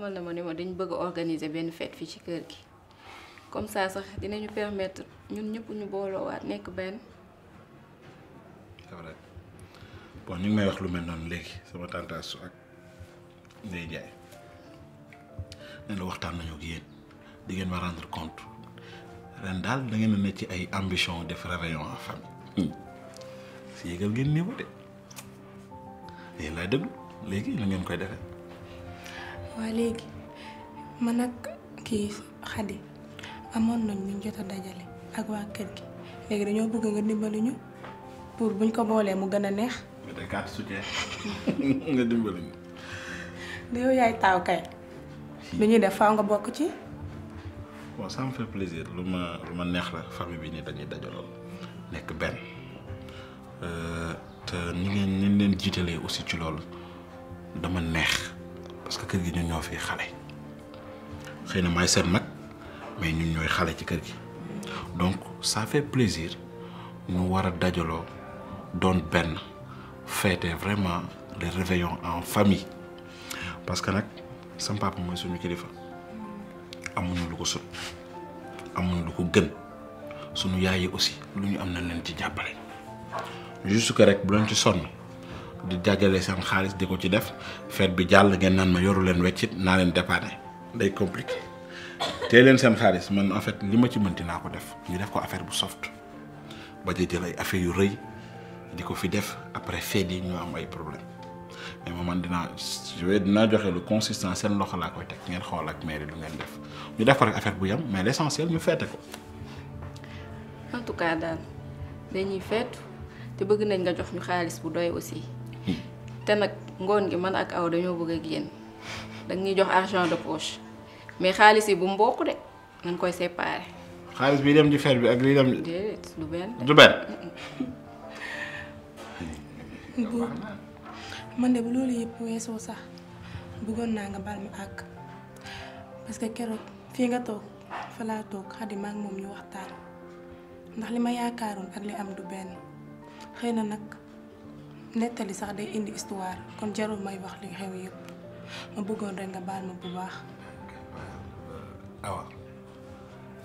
xamal na ma ne ma dañ bëgg a organiser benn fête fii ci kër gi comme ça sax dinañu permettre ñun ñëpp ñu booloo waat nekk benn. c'est vrai bon ñu ngi may wax lu mel noonu léegi sama tantaasu ak Ndeye Ndiaye nee na waxtaan nañu ak yéen di ngeen ma rendre compte ren daal da ngeen a ne ci ay ambition def réveillon en famille hmm. si yéegal ngeen niveau de léegi nu ngeen koy defee. waa léegi man ak kii xadi amoon nañ luñ jot a dajale ak waa kër gi léegi dañoo bëgg nga dimbali ñu pour buñ ko boolee mu gën a neex. nga def nga dimbali ñu. yow yaay taaw kay. bi ñuy def faaw nga bokk ci. bon ça me fait plaisir lu ma lu ma neex la famille bi nii dañuy dajalool nekk benn euh, te ni ngeen ni leen jiitalee aussi ci loolu dama neex. parce que kër gi ñun ñoo fi xale xëy na maay seen mag mais ñun ñooy xale ci kër gi donc ça fait plaisir ñu war a dajaloo doon benn fêter vraiment le réveillon en famille parce que nag sam mooy suñu kilifa amuñu lu ko sut amuñu lu ko gën suñu yaay yi aussi lu ñu am nañ leen ci jàppale juste que rek bu leen ci sonn. di jagale seen xaalis di ko ci def fête bi jàll ngeen naan ma yoru leen weccit naa leen dépanner day compliqué tey leen seen xaalis man en fait li ma ci mënti naa ko def ñu def ko affaire bu soft ba di jël ay affaire yu rëy di ko fi def après fête yi ñu am ay problème mais moom man dinaa je dinaa joxe lu consistant seen loxo laa koy teg ngeen xool ak mairie lu ngeen def ñu def ko rek affaire bu yam mais l'essentiel ñu feete ko. en tout bëgg nañ nga jox ñu bu doy aussi. te nag ngoon gi man ak aw dañoo bëgg a génn dañuy jox argent de poche mais xaalis yi bu mu bokk de nañ koy séparer. xaalis bi dem di fer bi ak li dem. déedéet du benn du benn. man de bu loolu yëpp weesoo sax bëggoon naa nga bal ma àkk parce que keroog fii nga toog fa laa toog xaddi ma moom ñu waxtaan ndax li ma yaakaaroon ak li am du benn xëy na nag. nettali sax day indi histoire kon jarul may wax li xew yëpp ma bëggoon rek nga baal ma bu baax. Euh, awa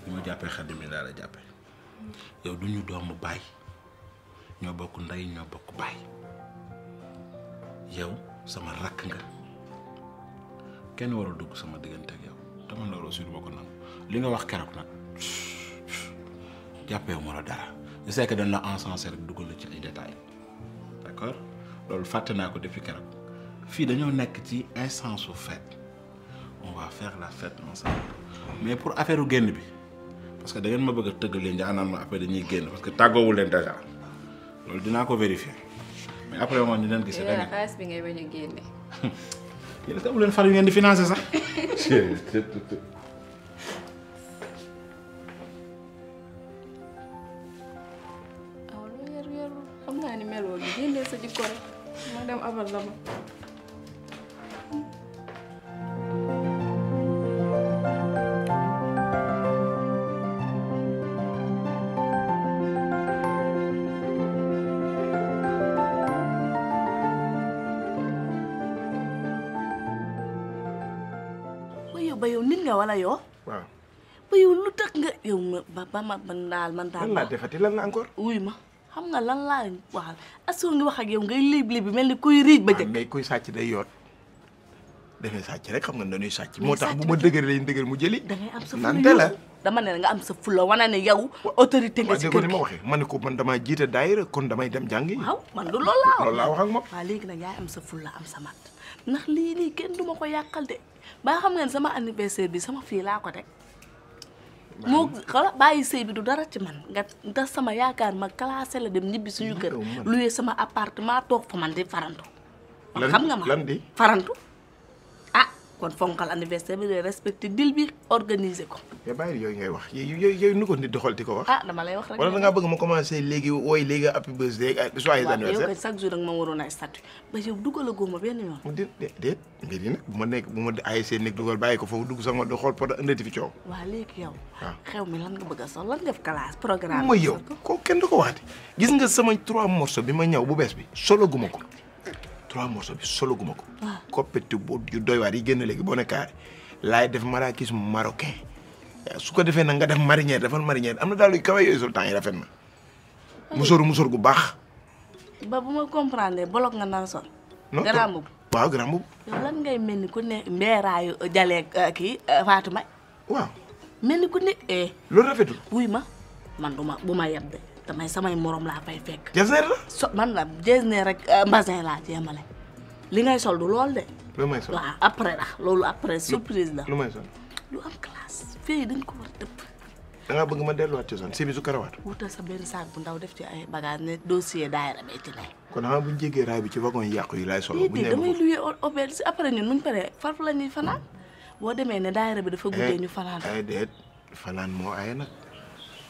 li ma jàppee xel mi daal la jàppe yow du ñu doomu baay ñoo bokk ndey ñoo bokk baay yow sama rakk nga kenn warul dugg sama diggante ak yow te man loolu aussi du ko nangu li nga wax keroog nag jàppee wu ma la dara je sais que dañ la encensé rek duggal la ci ay détails. d'accord loolu fàtte naa ko defi keroog fii dañoo nekk ci instance su fête on va faire la fête ensemble mais pour affaire u génn bi parce que da ngeen ma bëgg a tëggalee njaanaan ma après dañuy génn parce que tàggoowu leen déjà loolu dinaa ko vérifier mais après moom ñu leen gis. da ngeen xaalis bi ngay bañ a génne. yéen itam leen far yu ngeen di financer sax. naa ni meloo gi génnee sa jikko ma dem abal la ma ba yow nit nga wala yow. ba yow lu tax nga yow ma ba ba ma man daal man daal. lan laa defati lan la encore. wuy ma. xam lan laa wax asoo ngi wax ak yow ngay léeb léeb mel ni kuy riij ba jëkk ah, mais koy sàcc day yoot dafay sàcc rek xam nga dañuy sàcc moo tax bu ma dëgër lañ dëgër mu jëli dangay am sa la dama ne nga am sa fula wana ne yaw autorité nga ci kër gi ma waxee ma ne ko man damaa jiite kon damay dem jàngi waaw man du loolu laa loolu laa moom waaw léegi nag yaay am sa fula am sa mat ndax lii nii kenn du ma ko yàqal de ba xam nga sama anniversaire bi sama fii laa ko teg moo baa bàyyi sëy bi du dara ci man nga ndax sama yaakaar ma classé la dem ñibbi suñu kër loué sama appartement toog fa man di farantu xam nga ma farantu kon fonkal anniversaire bi day respecté dil bi organisé ko. mais bàyyi yooyu ngay wax yooyu yooyu nu ko di xool di ko wax. ah dama lay wax rek wala da ngaa bëgg ma commencé léegi wooy léegi a góoma benn yoon. déet déet ma nekk bu ma ay seen dugal bàyyi ko foofu dugg sax ma di xool pour ëndati fi coow. waaw léegi yow. Ah. xew mi lan nga bëgg a sol lan nga def classe programme. ma ko kenn du nga sama trois morceaux bi ma ñëw bu bees bi solo guma ko trois morceaux bi solo guma ko. waaw ah. coppite bu yu doy waar yi génn léegi boo ne carré laay def marakis marocain eh, su ko defee nag nga def marinière defal marinière am na daal yu kawe yooyu sul temps yi rafet na. Ah. musóor musóor gu baax. ba bu ma comprendre bolok nga naan sol. non grand boobu waaw ngay mel ni ku ne mbeeraayu Jalle eh, kii eh, Fatou Mbaye. waaw. ni ku ne. rafetul. wuy ma man du ma damay samay morom laa fay fekk. Getzner la. so man la Getzner rek euh, Mbazin laa jéemale li ngay sol du lool de. lu may sol waaw après la loolu après surprise la. lu may sol lu am classe. fii dañ ko war a dëpp. da ngaa bëgg ma delluwaat ci zone si bisu karawaat. wutal sa benn bu ndaw def ci ay bagages ne dossier daayira bu ñu jégee raay bi ci wagon yàqu yi solo. bu ñu nee damay luye hôtel si après ñun muñ boo demee ne daayira bi dafa guddee eh, ñu fanaan. ay eh, fanaan moo ay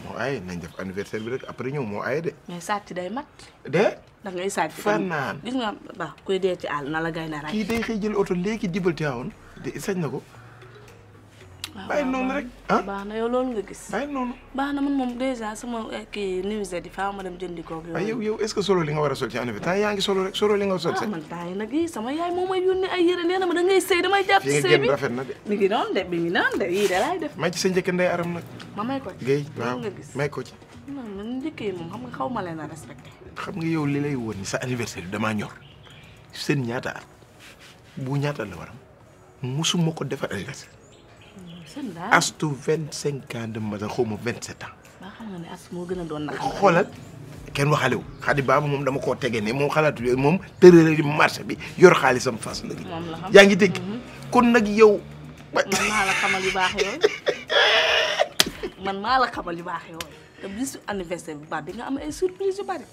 moo aaye nañ def anniversaire bi rek après ñëw moo aaye de. mais sàcc day mat. de. da ngay sàcc fanaan gis naan ba kuy dee ci àll na la gay na rek. kii day xëy jël oto léegi dibal teewoon de sañ na ko. bàyyi noonu rek ah baax na yow loolu nga gis. bàyyi na man moom dèjà sama eh, kii nuisette di faa ma dem jëndi ko ak ah, yow yow est-ce que solo li nga war a sol ci année bi temps yaa ngi solo rek solo li nga sol ah, sax man temps sama yaay moo may yónni ay yére ma da ngay sëy damay jàpp ci sëy bi rafet na de mi ngi noonu de mi ngi ma may ko ci géy waaw ci njëkk yi moom xam xaw ma leen a respecté xam nga yow li lay woon ni sa anniversaire bi ñor seen ñaata at bu ñaata la waram musuma ko defar anniversaire astu vingt cinq ans de ma xaw ma vingt sept ans. ba xam nga moo gën a doon naxal. xoolal kenn waxalewu xadi baaba moom dama koo tege ne moom xalaatu yooyu moom tërële di marché bi yor xaalisam fas la gi yaa ngi dégg mhm. kon nag yow. man maa la xamal yu baax yooyu man maa la xamal yu baax yooyu te bisu anniversaire bi baax di nga am ay surprise yu bari.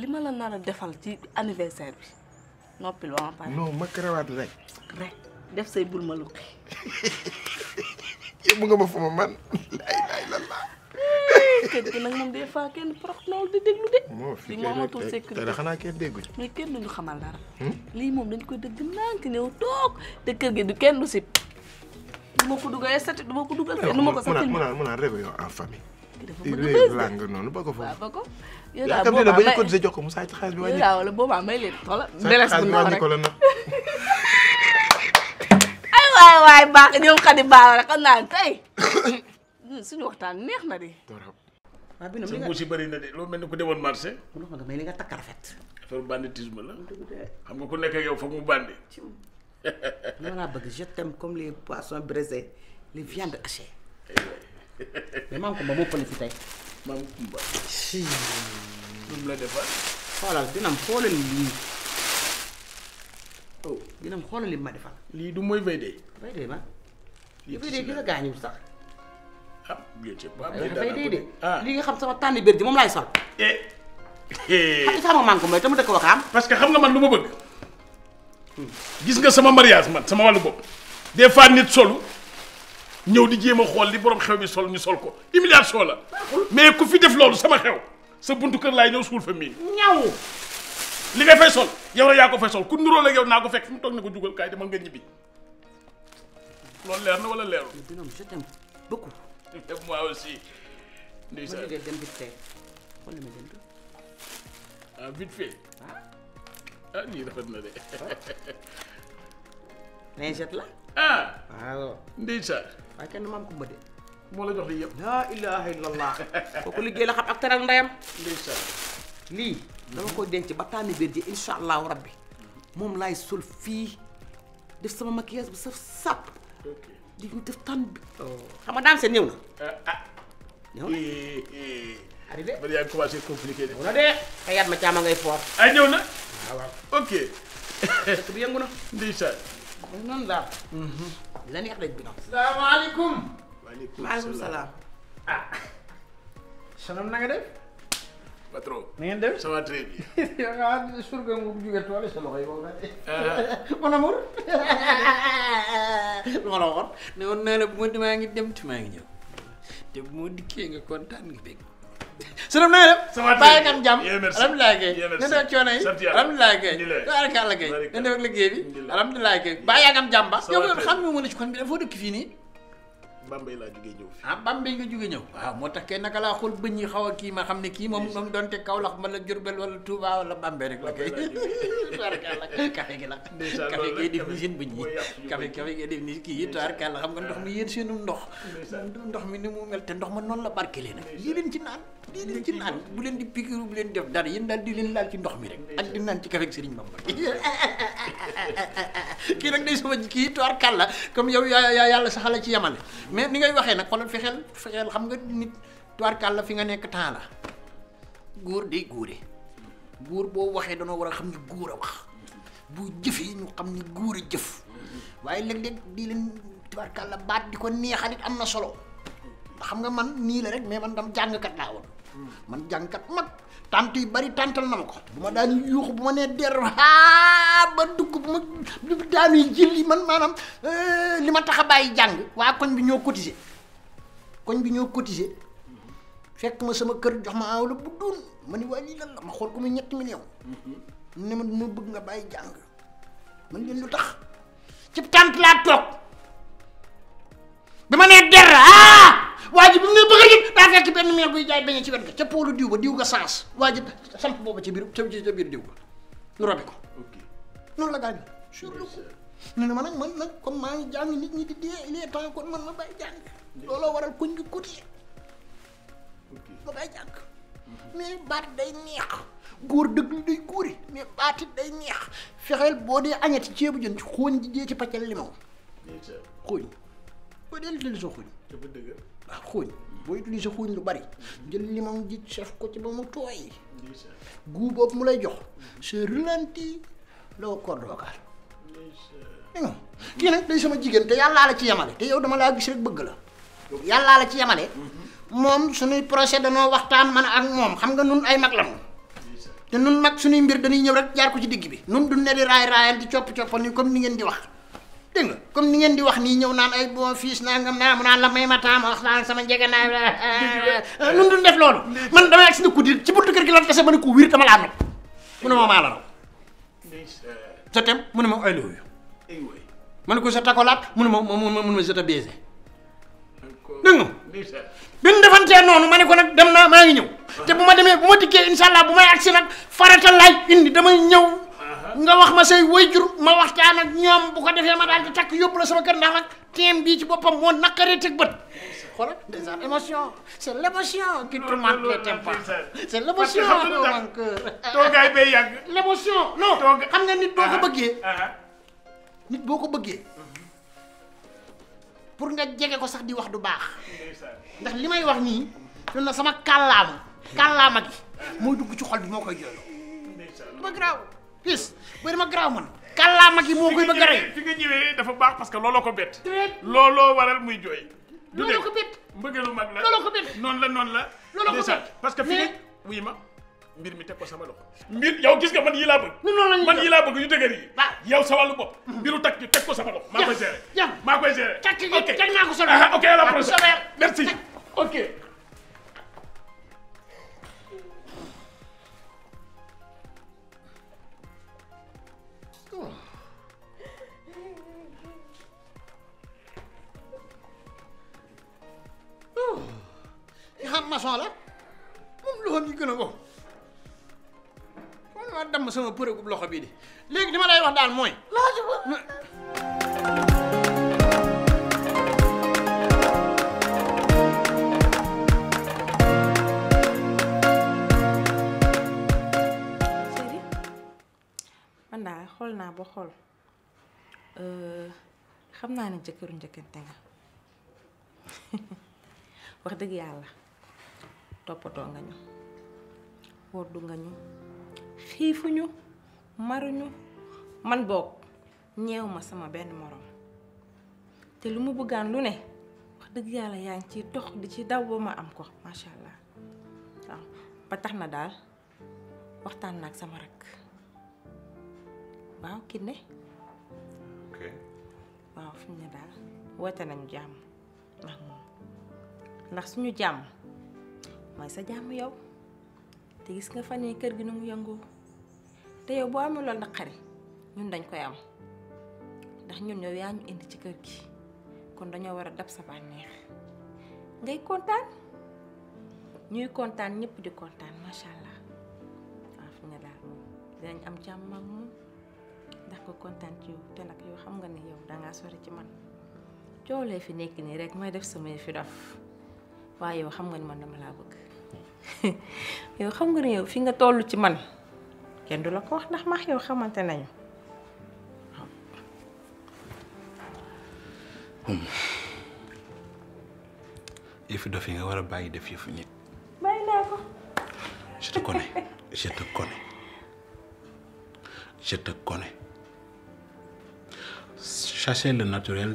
li ma la nar a defal ci anniversaire bi noppi loo ma pare. non ma karawaat rek. def say bul ma luqi yóbbu nga ma fu ma man laay laay la laa eh, kër gi nag moom des fois kenn prox noonu di déglu di moomatul eh, sécurité xanaa kenn dégguñu mais kenn duñu xamal dara hmm? lii moom dañ koy dëgg nànk ñëw toog te kër gi du kenn du sib du ma ko dugalee sati du ma ko dugal eh, du ma ko sati mu naan mu naan réveillon en famille lang noonu ba ko foofu ba ko yow daal boobaa may yow daal wala boobaa may leen xoolal deles bu waaye baax ñoom xadi baax rek naa tey suñu waxtaan neex na de. waaw bi na li nga si bëri na de loolu mel ni ku demoon marché. loolu nga may li nga takk rafet. affaire banditisme la. xam nga ku nekk yow foog mu bandi. ma je comme les poissons braisés les viandes hachées. mais maam Kumba moo fële si tey. maam Kumba. mu la defal. xoolal dina am xoolal lii. oh dina ma xoolal li ma defal. lii du mooy Veyde. Veyde ma. lii Veyde gis nga gaañul sax. ah bien sûr. Ah. li nga xam sama tànn biir ji moom laay sol. eh. xam nga sama man ko mooy te mu dëkk Wakaam. parce que xam nga man lu ma bëgg. gis nga sama mariage man sama wàllu bopp. des fois nit solu ñëw di jéem a xool li borom xew bi sol ñu sol ko humiliation la. mais ku fi def loolu sama xew sa buntu kër laay ñëw suul fa miin. ñaw. li nga fay sol yow la yaa ko fay ku nuróo la naa ko fekk fi mu toog ne ko jugal kaay dama nga ñibbi loolu leer na wala leerul. mais Biram je t'aime beaucoup. moi aussi. ndeysaan ma jógee dem bi tey xool na ma jënd. ah vite fait. ah, ah nii rafet na la. ah waaw. ko mbëdde. liggéey la xam ak teral ndeyam. ndeysaan. lii dama koy denc ba tànn biir incha allahu rabbi moom laay sol fii def sama maquillage bu saf sàpp di def tànn bi oh. xam nga daam seen ñëw na eh, ah. ñëw na eh, eh. arrivé yaa ngi commencé compliqué de. na de xëyaat ma caama ngay foor ay ah, ñëw ok dëkk bi yëngu na ndeysaan noonu daal mhm. la neex daj bi na salaamaaleykum waaleykum salaam ah sonam na nga patron. na ngeen def ça va très bien. yow ah surga mu jógee tool sa loxo yi moom rek. Euh. mon amour. lu ma la waxoon ne woon bu ma demaa ngi dem te maa ngi ñëw te bu ma dikkee nga kontaan nga bég. sërëm na nga def. bàyyi nga am jàmm. alhamdulilah Guèye nga def coono yi. alhamdulilah Guèye nga def liggéey bi. alhamdulilah nga am jàmm ba. yow xam nga mu ne ci kon bi dafa dëkk fii nii. Bambey laa jugee ñëw fi. ah Bambey nga jugee ñëw waaw ah, moo tax kee naka laa xool bëñ yi xaw a kii ma xam ne kii moom moom doonte Kaolack wala Diourbel wala Touba wala Bambey rek la kay. tubaarkàlla café gi la café gi def ni seen bëñ yi café café gi def ni kii yi tubaarkàlla xam nga ndox mi yéen seenu ndox ndox mi ni mu mel te ndox ma noonu la barkelee nag lii leen ci naan lii leen ci leen di pikiru bu leen def dara yéen daal di leen laal ci ndox mi rek ak di naan ci café Serigne Bamba kii nag day sama kii tubaarkàlla comme yow yaa yaa yàlla saxala ci yemale mais ni ngay waxee nag xoolal fexeel fexeel xam nga nit tubaarkàlla fi nga nekk temps la góor day góore góor boo waxee danoo war a xam ni góor a wax bu jëfee ñu xam ni góor a jëf waaye léeg-léeg di leen tubaarkàlla baat di ko neexalit am na solo xam nga man nii la rek mais man dam jàngkat laa woon man jàngkat mag tant yu bari tantal na ma ko bu ma daan yuuxu bu ma nee der haa ba dugg bu ma daanuy jëli man maanaam eh, li ma tax a bàyyi jàng waa koñ bi ñoo cotisé koñ bi ñoo cotisé fekk ma sama kër jox ma enveloppe bu duun ma ni waa lii lan la ma xool ko muy ñetti million mm-hmm. ne ma duma bëgg nga bàyyi jàng man leen lu tax ci tant laa toog bi ma nee der waa ji bi mu ne bëgg a yëg daa benn meer buy jaay beñe ci wet ga ca poolu diw ba diw ga saas waa ji samp booba ca biir ca biir diw ba nu rabe ko noonu la gaañu sur le coup na ma nag man nag comme maa ngi jàng nit ñi di dee il est temps kon man ma bàyyi jàng looloo waral kuñ gi cotier ma bàyyi jàng mhm. mais baat day neex góor dëgg day góori mais baatit day neex fexeel boo dee añati ceebu jën ci xooñ ji jee ci paccal limon xooñ boo dee li soo xooñ ah xóoñ boo utiliser xóoñ lu bari jël limon ji chef ko ci ba mu tooy goût boobu mu lay jox c'est ralenti la corps vocal non kii nag day sama jigéen te yàllaa la ci yemale te yow dama laa gis rek bëgg la yàllaa la ci yemale moom suñuy procès danoo waxtaan man ak moom xam nga nun ay mag la moom te nun mag suñuy mbir dañuy ñëw rek jaar ko ci digg bi nun du ne di raay raayal di copp coppal ni comme ni ngeen di wax dégg nga comme ni ngeen di wax nii ñëw naan ay bon fiis nangam naa mu naan la may ma temps ma wax naan sama njëgënaay la nun duñ def loolu man damay agsi na ko di ci buntu kër gi la tase ma ne ko wiir dama laa nopp mu ne ma maa ma ma ko je t'accolade mu ne ma mu ne ma je bi ñu defantee noonu ma ne ko nag dem naa maa te bu ma demee bu ma dikkee incha allah bu may agsi nag farata laaj indi damay ñëw nga wax ma say wayjur ma waxtaan ak ñoom bu ko defee ma daal di takk yóbbu la sama kër ndax nag teem bii ci boppam moo naqaree teg bët. xoolal des émotions c' est l' émotion qui l' émotion l' émotion non xam nga nit boo ko ah, bëggee. Ah, ah. nit boo ko bëggee. pour nga jege ko sax di wax du baax. ndax li may wax nii. loolu na sama kàllaama. kàllaama gi moo dugg ci xol bi moo koy jooyloo. du ma garaaw. piis bëri ma garaaw man kàllaama gi moo koy bëgg a rey fi nga ñëwee dafa baax parce que looloo ko bett looloo waral muy jooy du looloo ko bett mbëggeelu mag la looloo ko bett noonu la noonu la looloo ko bett parce que fi nga wuy ma mbir mi teg ko sama loxo mbir yow gis nga man yi laa bëgg man yi laa bëgg yu dëgër yi yow sa wàllu bopp takk ji teg ko sama loxo maa koy gérer maa koy gérer takk gi teg naa ko merci ok maçon la moom loxo bi gën a wow kon loxo bii de léegi li ma lay wax daal mooy xool naa ba xool euh, xam naa ne jëkkëru njëkkante nga wax dëgg yàlla toppatoo nga ñu woddu nga ñu xiifuñu maruñu man boog ñeew ma sama benn moroom te lu mu bëggaan lu ne wax dëgg yàlla yaa ngi ci dox di ci daw ba ma am ko macha allah waaw ba tax na daal waxtaan ak sama rakk waaw Kiné ok waaw fi mu ne daal woote nañu jàmm ndax moom ndax suñu jàmm mooy sa jàmm yow te gis nga fan yi kër gi nu mu yëngoo te yow boo amuloo naqari ñun dañ koy am ndax ñun yow yaa ñu indi ci kër gi kon dañoo war a dab sa bànneex ngay kontaan ñuy kontaan ñëpp di kontaan macha allah waaw fi nga daal moom dinañ am jàmm moom ndax ko kontaan ci yow te nag yow xam nga ni yow dangaa sori ci man coow lee fi nekk nii rek may def samay fi dof waaye yow xam nga ni man dama laa bëgg yow xam nga ni yow fi nga toll ci man kenn du la ko wax ndax max yow xamante nañu hmm. yëfu dof yi nga war a bàyyi def yëfu nit bàyyi naa ko je te connais je te connais je naturel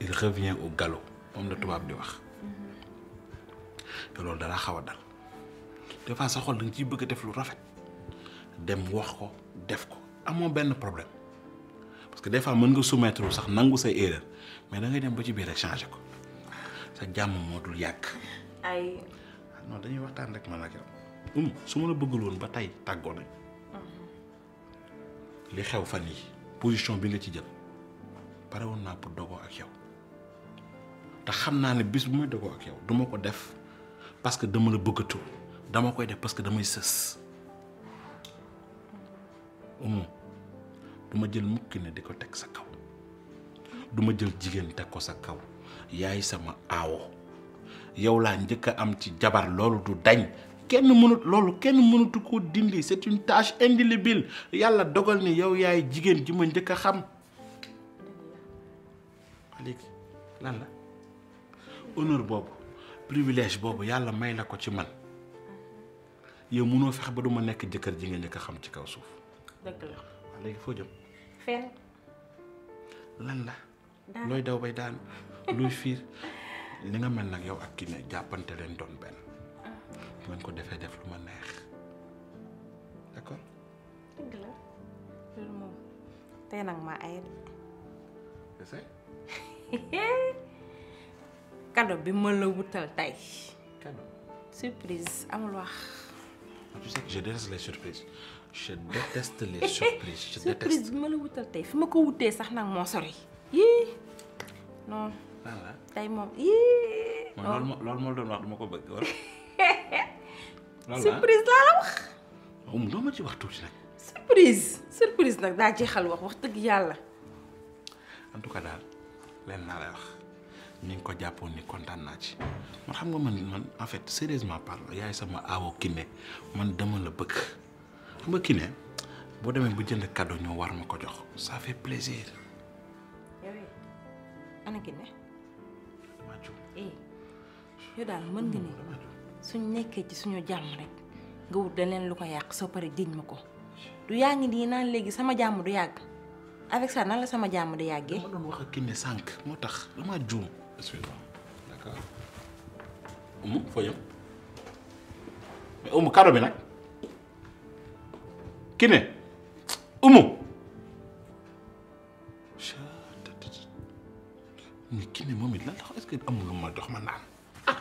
il revient au galop moom la tubaab di wax te loolu dalaa xaw a dal des fois sa xol da nga ciy bëgg a def lu rafet dem wax ko def ko amoon benn problème parce que des fois mën nga soumettre sax nangu say erreur mais da ngay ba ci biir rek changer ko sa jàmm moo dul yàgg. ay. Ah, dañuy waxtaan rek man ak um, su ma la bëggul woon ba tey tàggoo nañ mm-hmm. li xew fan yi position bi nga ci jël pare woon naa pour dogoo ak yow te xam naa ne bis bu may dogoo ak yow duma ko def. parce que dama la bëggatu dama koy def parce que damay sës umu du jël mukki na di ko teg sa kaw du jël jigéen teg ko sa kaw yaay sama aawo yow laa njëkk am ci jabar loolu du dañ kenn mënut loolu kenn mënutu ko dindi c'est une tâche indélébile yàlla dogal ni yow yaay jigéen ji ma njëkk a xam léegi lan la honneur boobu privilège boobu yàlla may la ko ci man yow mënoo fex ba duma nekk jëkkër ji nga njëkk xam ci kaw suuf. dëgg la lan la. looy daw bay daan luy fiir li nga mel nag yow ak ki ne jàppante leen doon benn. bu ah. ngeen ko defee def lu ma neex d'accord. dëgg la loolu moom tey nag cadeau bi ma la wutal tey. cadeau surprise amul wax. Ah, tu sais que je déteste les surprises je déteste les surprises. je surprise bi ma la wutal tey fi ma ko wutee sax nag moo sori. yii non. voilà loolu ma loolu ma ko bëgg wala. surprise laa la wax. waaw mu ma ci wax tuuti nag. surprise surprise nag daa jeexal wax wax dëgg yàlla. en tout cas daal ni nga ko jàppoo ni kontaan naa ci man xam nga man man en fait sérieusement parlant yaay sama aawo Kiné man dama la bëgg xam nga Kiné boo demee bu jënd cadeau ñoo war ma ko jox ça fait plaisir. yow eh, eh, daal mën nga ni suñ nekkee ci suñu jàmm rek nga wut leneen lu ko yàq soo paree diñ ma ko du yaa ngi nii naan léegi sama jàmm du yàgg avec ça nan la sama jàmm di yàggee. sànq moo tax dama juum. excuse-moi umu foo jëm umu kado bi nag ki ne umu mais ki ne moom it lan tax est-ce que amul lu ma dox ma naan ah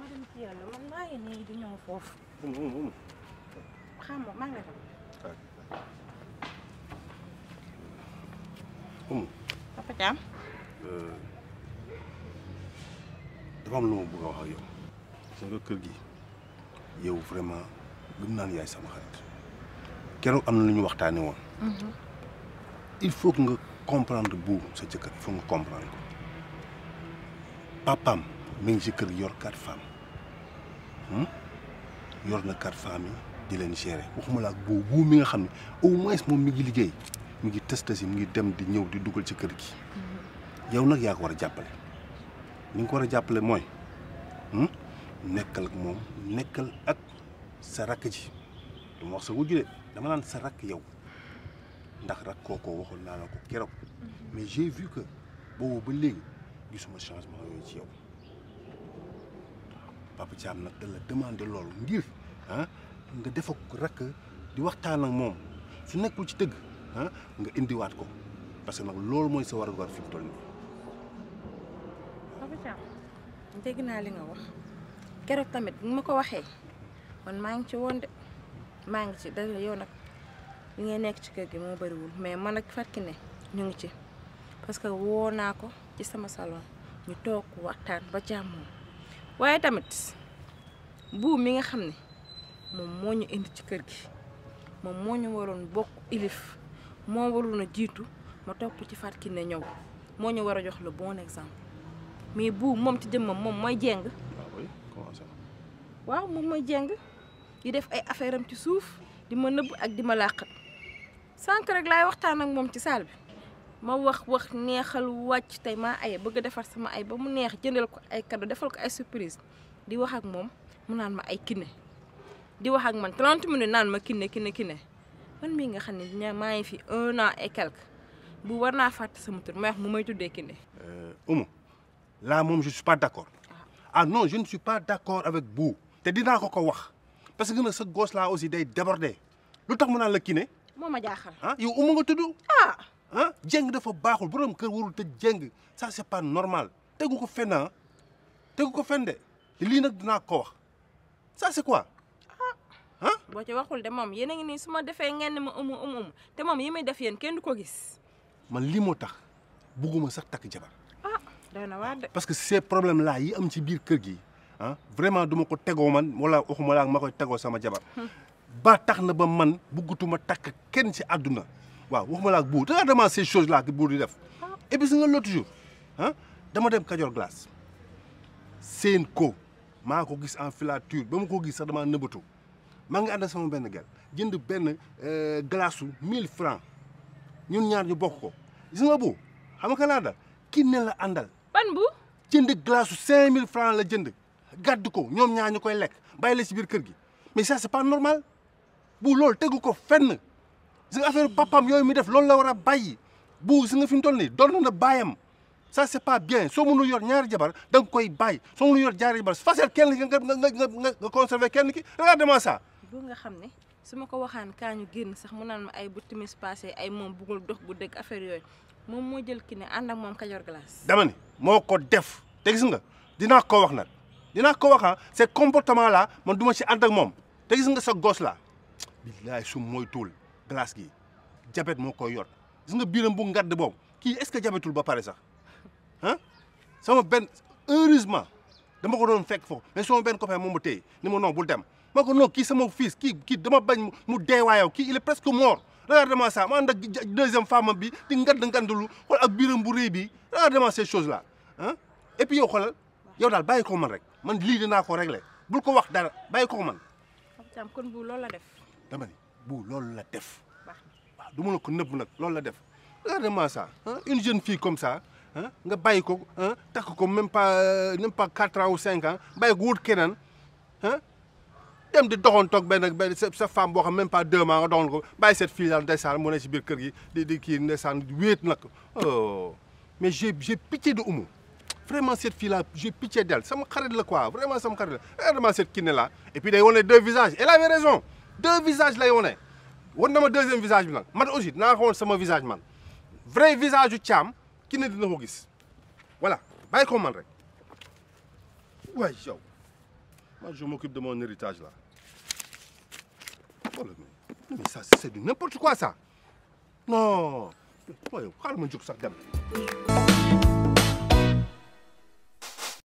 madame Thiel man maa ngi nii di ñëw foofu umu umu xam nga maa ngi Dame. Euh, dafa am lu ma bëgg a wax ak yow. sa nga kër gi yow vraiment gëm naan yaay sama xarit keroog am na lu ñu waxtaanee woon. Mhm. il faut que nga comprendre bu sa jëkkër il faut nga comprendre ko papaam mi ngi ci kër yor quatre femmes hmm? yor na quatre femmes yi di leen gérer waxuma la ak boobu nga xam ne au moins moom mi ngi liggéey. mi ngi tës tës yi mu ngi dem di ñëw di dugal ci kër gi yow nag yaa ko war a jàppale ni nga ko war a jàppale mooy hmm, nekkal ak moom nekkal ak sa rakk ji du ma wax dama naan sa rakk yow ndax rakk kookoo waxoon naa la ko keroog mais j'ai vu que boobu ba léegi gisuma changement yooyu ci yow papa Thiam nag da la demandé loolu ngir ah nga def ak rakk di waxtaan ak moom su nekkul ci tëgg ah nga indiwaat ko parce que nag loolu mooy sa war fi mu toll nii. Papa Thiam dégg naa li nga wax keroog tamit ma ko waxee man maa ngi ci woon de maa ngi ci dara yow nag li ngay nekk ci kër gi moo bëriwul mais man ak Fatou Kiné ñu ngi ci parce que woo naa ko ci sama salon ñu toog waxtaan ba jàmmoo waaye tamit bu mi nga xam ne moom moo ñu indi ci kër gi moom moo ñu waroon bokk ilif moo warul na jiitu ma topp ci Fatou Kiné ñëw moo ñu war a jox le bon exemple mais bu moom ci jëmmam moom mooy jeng. waaw ah oui comment ça. waaw moom mooy jeng di def ay affaire am ci suuf di ma nëbb ak di ma làqat sànq rek laay waxtaan ak moom ci saal bi ma wax wax neexal wàcc tey ma aye bëgg defar sama ay ba mu neex jëndal ko ay kaddu defal ko ay surprise di wax ak moom mu naan ma ay Kiné di wax ak man 30 minutes naan ma Kiné Kiné Kiné. man mii nga xam ne maa ngi fi un an et quelque bu war naa fàtte sama tur may wax mu may tuddee Kine. Euh, Oumou là moom je suis pas d' accord ah. ah non je ne suis pas d' avec Bou te dinaa ko ko wax parce que nag sa gos là aussi day déborder lu tax mu naan la Kine. moo ma jaaxal ah yow nga tudd. Ah. Ah, jeng dafa baaxul borom kër warul te jeng ça c' pas normal tegu ko fenn ah tegu ko fenn de lii nag dinaa ko wax ça c' quoi. boo ci waxul de moom yéen a nii su ma defee ngeen ne ma umu umu te moom yi muy def yéen kenn du ko gis. man lii moo tax bugguma sax takk jabar. Ah, na waar parce que ces problème là yi am ci biir kër gi ah vraiment duma ko tegoo man wala waxuma laa ma ko tegoo sama jabar. Hmm. ba tax na ba man buggutuma takk kenn si àdduna waaw waxuma laa buur da vraiment ces choses laa ki buur di def. Ah. et puis si nga l'autre jour ah, dama dem Kajoor Glace seen ko maa ko gis en filature ba mu ko gis sa damaa nëbëtu. maa ngi ànd ak benn gel jënd benn euh, glace mille 1000 francs ñun ñaar ñu bokk ko gis nga bu xam ka laa dal kii ne la àndal. ban bu. jënd glace su mille francs la jënd gàdd ko ñoom ñaar ñu koy lekk bàyyi la si biir kër gi mais ça c'est pas normal bu loolu tegu ko fenn gis nga affaire papam yooyu mi def loolu la war a bàyyi bu gis nga fi mu toll nii doon na bàyyam ça c'est pas bien soo mënul yor ñaari jabar da koy bàyyi soo mënul yor ñaari jabar facile kenn ki nga nga góor nga xam ne su ma ko waxaan kaañu génn sax mu naan ay bu timis passé ay moom bugul dox bu dëgg affaire yooyu moom moo jël ki ne ànd ak moom Kajoor Glace. dama ni moo ko def te gis nga dinaa ko wax nag dinaa ko wax ah ce comportement là man du si ànd ak moom te gis nga sa gos la billaay su mooy tuul gi jabet moo ko yor gis nga biiram bu ngadd boobu kii est-ce que jabetul ba pare sax sama benn heureusement dama ko doon fekk foofu mais sama benn copain moom mu téye ni ma non bul dem. ma ko non kii sama fils kii kii dama bañ mu deewaayaw kii il est presque mort regarde-moi ma ànd ak deuxième bi di ngand ngandalu xool ak biiram bu rëy bi regarde-moi ces choses là ah et puis yow xoolal yow daal bàyyi ko man rek man lii dinaa ko régler bul ko wax dara bàyyi ko man. xam kon bu la def. dama bu loolu la def. waaw du ma la ko nëbb nag loolu la def regarde-moi ça une jeune fii comme sa nga bàyyi ko takk ko même pa euh, même pas quatre ans ou cinq ans bàyyi ko wut dem di doxantoog benn benn sa femme boo xam même pas deux mois nga ko bàyyi cette fille daal ndeysaan mu ne ci biir kër gi di di kii ndeysaan wéet nag oh mais j'ai j'ai pitié de Oumou vraiment cette fille là j'ai pitié d'elle sama xarit la quoi vraiment sama xarit la vraiment eh, cette kiné là et puis day wone deux visages elle avait raison deux visages lay wone wan na ma deuxième visage bi nag man aussi dinaa ko woon sama visage man vrai visage yu caam kiné dina ko gis voilà bàyyi ko man rek Moi, je m'occupe de mon héritage là. xoolal mais ça c'est du n'importe quoi ça non. waaye xaaral ma jóg sax dem.